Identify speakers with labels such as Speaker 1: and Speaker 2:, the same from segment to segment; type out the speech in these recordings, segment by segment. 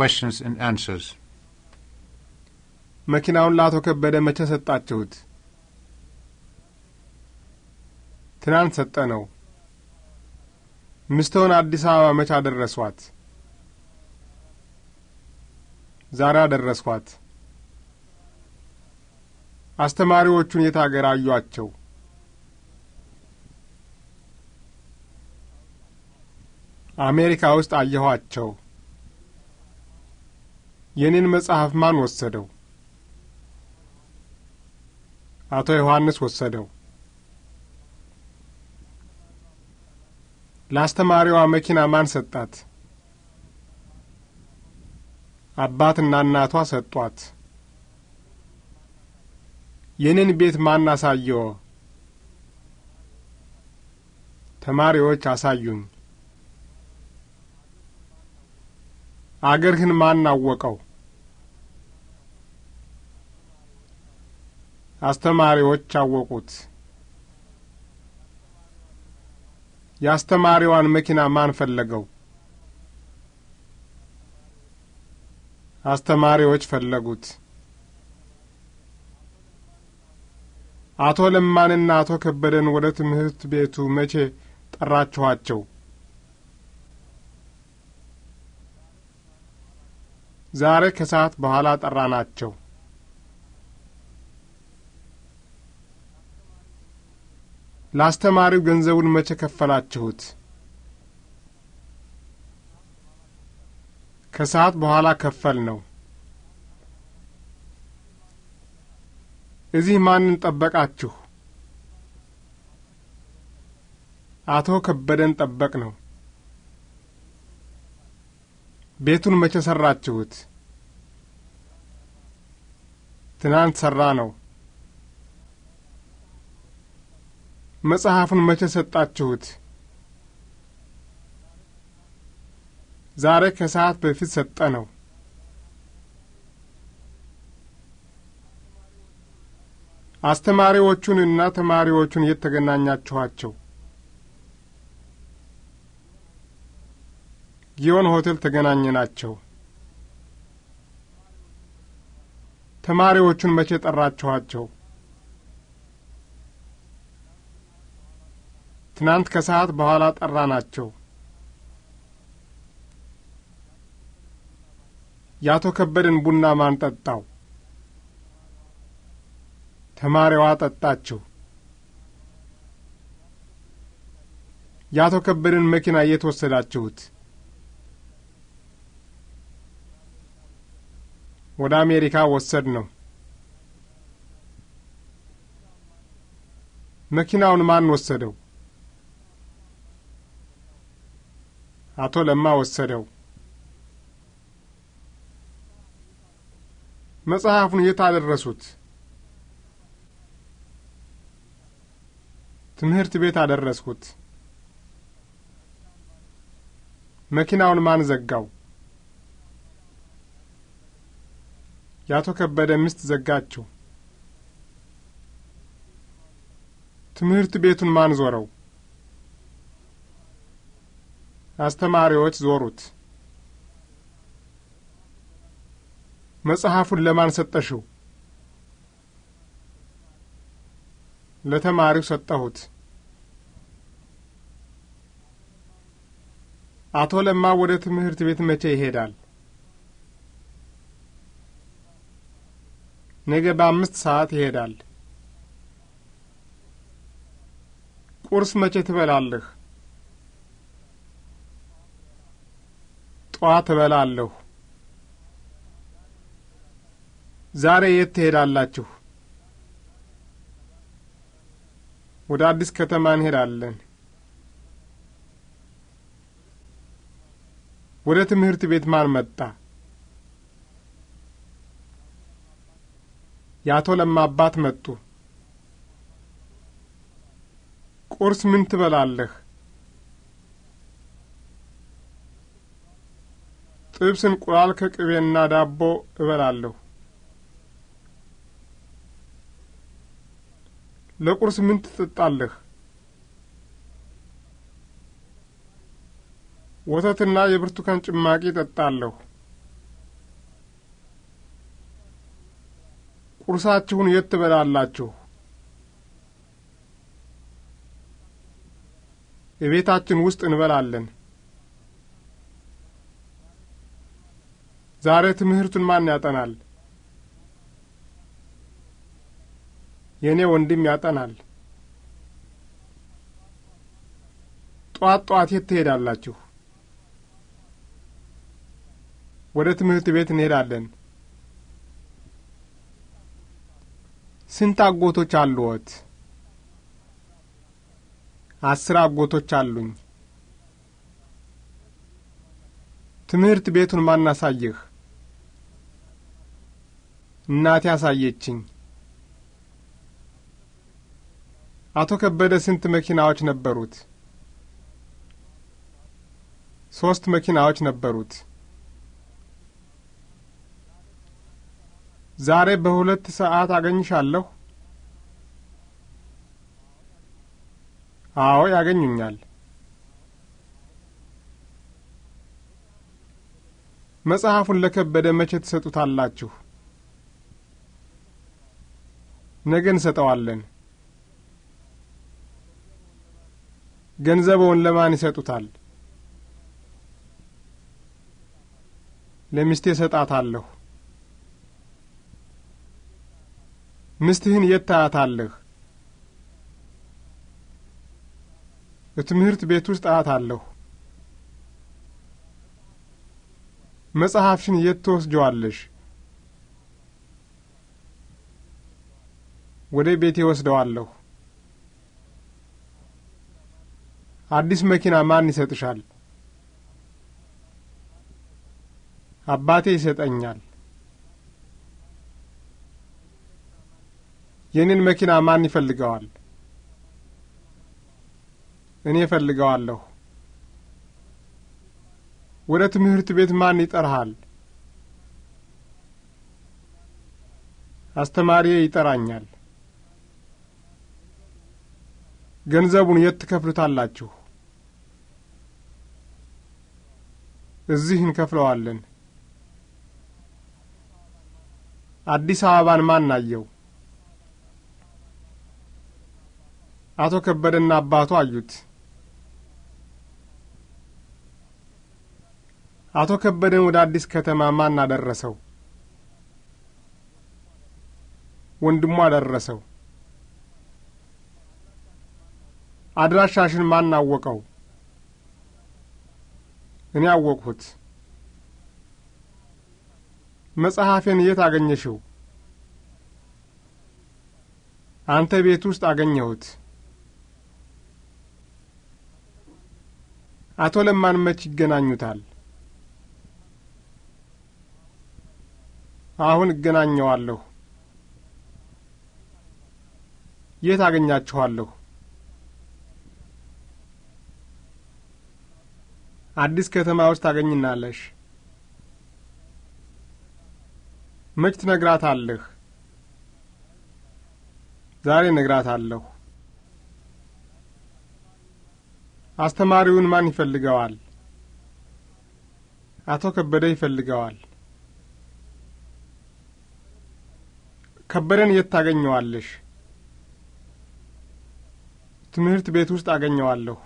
Speaker 1: questions and answers. መኪናውን ለአቶ ከበደ መቼ ሰጣችሁት? ትናንት ሰጠ ነው። ምስተውን አዲስ አበባ መቼ አደረሷት? ዛሬ አደረስኳት። አስተማሪዎቹን የት አገር አዩአቸው? አሜሪካ ውስጥ አየኋቸው። የኔን መጽሐፍ ማን ወሰደው? አቶ ዮሐንስ ወሰደው። ለአስተማሪዋ መኪና ማን ሰጣት? አባትና እናቷ ሰጧት። የኔን ቤት ማን አሳየው? ተማሪዎች አሳዩኝ። አገርህን ማን አወቀው? አስተማሪዎች አወቁት። የአስተማሪዋን መኪና ማን ፈለገው? አስተማሪዎች ፈለጉት። አቶ ለማንና አቶ ከበደን ወደ ትምህርት ቤቱ መቼ ጠራችኋቸው? ዛሬ ከሰዓት በኋላ ጠራናቸው። ለአስተማሪው ገንዘቡን መቼ ከፈላችሁት? ከሰዓት በኋላ ከፈል ነው። እዚህ ማንን ጠበቃችሁ? አቶ ከበደን ጠበቅ ነው። ቤቱን መቼ ሰራችሁት? ትናንት ሰራ ነው። መጽሐፉን መቼ ሰጣችሁት? ዛሬ ከሰዓት በፊት ሰጠ ነው። አስተማሪዎቹን እና ተማሪዎቹን የት ተገናኛችኋቸው? ጊዮን ሆቴል ተገናኝ ናቸው። ተማሪዎቹን መቼ ጠራችኋቸው? ትናንት ከሰዓት በኋላ ጠራ ናቸው። የአቶ ከበደን ቡና ማን ጠጣው? ተማሪዋ ጠጣችው። የአቶ ከበደን መኪና የት ወሰዳችሁት? ወደ አሜሪካ ወሰድ ነው። መኪናውን ማን ወሰደው? አቶ ለማ ወሰደው። መጽሐፉን የት አደረሱት? ትምህርት ቤት አደረስኩት። መኪናውን ማን ዘጋው? የአቶ ከበደ ሚስት ዘጋችው። ትምህርት ቤቱን ማን ዞረው? አስተማሪዎች ዞሩት። መጽሐፉን ለማን ሰጠሽው? ለተማሪው ሰጠሁት። አቶ ለማ ወደ ትምህርት ቤት መቼ ይሄዳል? ነገ በአምስት ሰዓት ይሄዳል። ቁርስ መቼ ትበላለህ? ጠዋት እበላለሁ። ዛሬ የት ትሄዳላችሁ? ወደ አዲስ ከተማ እንሄዳለን። ወደ ትምህርት ቤት ማን መጣ? የአቶ ለማ አባት መጡ። ቁርስ ምን ትበላለህ? ጥብስ እንቁላል ከቅቤና ዳቦ እበላለሁ። ለቁርስ ምን ትጠጣለህ? ወተትና የብርቱካን ጭማቂ እጠጣለሁ። ቁርሳችሁን የት ትበላላችሁ? የቤታችን ውስጥ እንበላለን። ዛሬ ትምህርቱን ማን ያጠናል? የእኔ ወንድም ያጠናል። ጧት ጧት የት ትሄዳላችሁ? ወደ ትምህርት ቤት እንሄዳለን። ስንት አጎቶች አሉዎት? አስር አጎቶች አሉኝ። ትምህርት ቤቱን ማን እናቴ አሳየችኝ። አቶ ከበደ ስንት መኪናዎች ነበሩት? ሶስት መኪናዎች ነበሩት። ዛሬ በሁለት ሰዓት አገኝሻለሁ? አዎ ያገኙኛል። መጽሐፉን ለከበደ መቼ ትሰጡታላችሁ? ነገ እንሰጠዋለን። ገንዘበውን ለማን ይሰጡታል? ለሚስቴ እሰጣታለሁ። ምስትህን የት ታያታለህ? በትምህርት ቤት ውስጥ አያታለሁ። መጽሐፍሽን የት ትወስጀዋለሽ? ወደ ቤቴ ወስደዋለሁ። አዲስ መኪና ማን ይሰጥሻል? አባቴ ይሰጠኛል። የኔን መኪና ማን ይፈልገዋል? እኔ እፈልገዋለሁ። ወደ ትምህርት ቤት ማን ይጠራሃል? አስተማሪዬ ይጠራኛል። ገንዘቡን የት ትከፍሉታላችሁ? እዚህ እንከፍለዋለን። አዲስ አበባን ማን አየው? አቶ ከበደና አባቱ አዩት። አቶ ከበደን ወደ አዲስ ከተማ ማን አደረሰው? ወንድሙ አደረሰው። አድራሻሽን ማን አወቀው? እኔ አወቅሁት። መጽሐፌን የት አገኘሽው? አንተ ቤት ውስጥ አገኘሁት። አቶ ለማን መች ይገናኙታል? አሁን እገናኘዋለሁ። የት አገኛችኋለሁ? አዲስ ከተማ ውስጥ ታገኝናለሽ። መች ትነግራታለህ? ዛሬ እነግራታለሁ። አስተማሪውን ማን ይፈልገዋል? አቶ ከበደ ይፈልገዋል። ከበደን የት ታገኘዋለሽ? ትምህርት ቤት ውስጥ አገኘዋለሁ።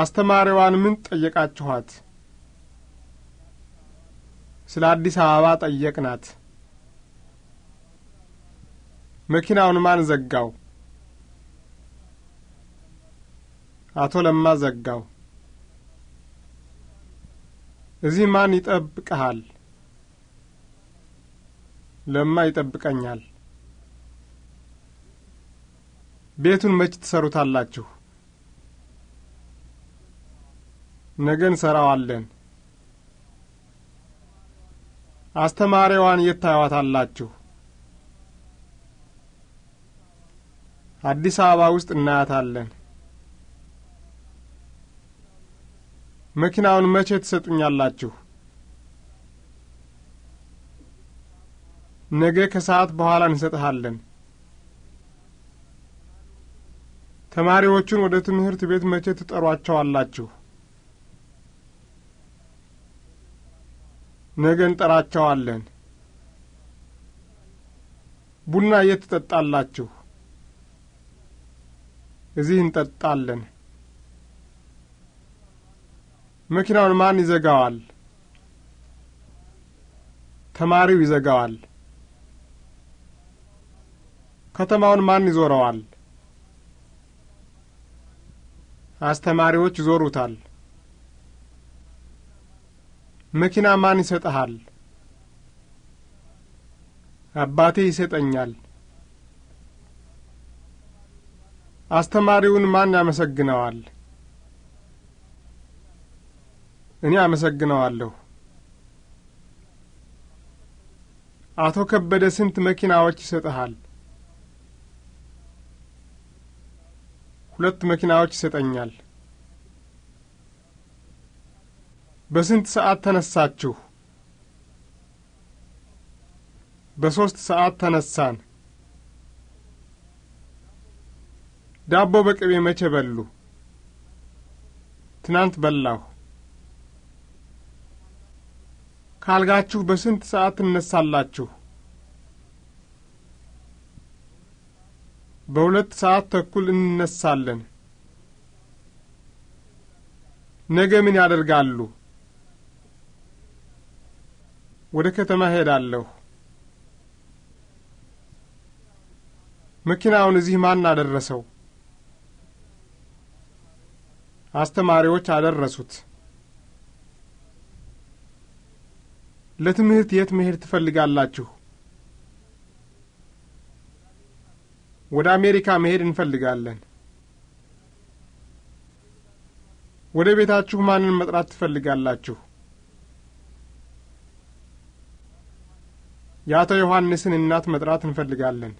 Speaker 1: አስተማሪዋን ምን ጠየቃችኋት? ስለ አዲስ አበባ ጠየቅናት። መኪናውን ማን ዘጋው? አቶ ለማ ዘጋው። እዚህ ማን ይጠብቀሃል? ለማ ይጠብቀኛል። ቤቱን መች ትሰሩታላችሁ? ነገ እንሰራዋለን። አስተማሪዋን የት ታዩዋታላችሁ? አዲስ አበባ ውስጥ እናያታለን። መኪናውን መቼ ትሰጡኛላችሁ? ነገ ከሰዓት በኋላ እንሰጥሃለን። ተማሪዎቹን ወደ ትምህርት ቤት መቼ ትጠሯቸዋላችሁ? ነገ እንጠራቸዋለን። ቡና የት ትጠጣላችሁ? እዚህ እንጠጣለን። መኪናውን ማን ይዘጋዋል? ተማሪው ይዘጋዋል። ከተማውን ማን ይዞረዋል? አስተማሪዎች ይዞሩታል። መኪና ማን ይሰጠሃል? አባቴ ይሰጠኛል። አስተማሪውን ማን ያመሰግነዋል? እኔ አመሰግነዋለሁ። አቶ ከበደ ስንት መኪናዎች ይሰጠሃል? ሁለት መኪናዎች ይሰጠኛል። በስንት ሰዓት ተነሳችሁ? በሦስት ሰዓት ተነሳን። ዳቦ በቅቤ መቼ በሉ? ትናንት በላሁ። ካልጋችሁ በስንት ሰዓት ትነሳላችሁ? በሁለት ሰዓት ተኩል እንነሳለን። ነገ ምን ያደርጋሉ? ወደ ከተማ ሄዳለሁ። መኪናውን እዚህ ማን አደረሰው? አስተማሪዎች አደረሱት። ለትምህርት የት መሄድ ትፈልጋላችሁ? ወደ አሜሪካ መሄድ እንፈልጋለን። ወደ ቤታችሁ ማንን መጥራት ትፈልጋላችሁ? የአቶ ዮሐንስን እናት መጥራት እንፈልጋለን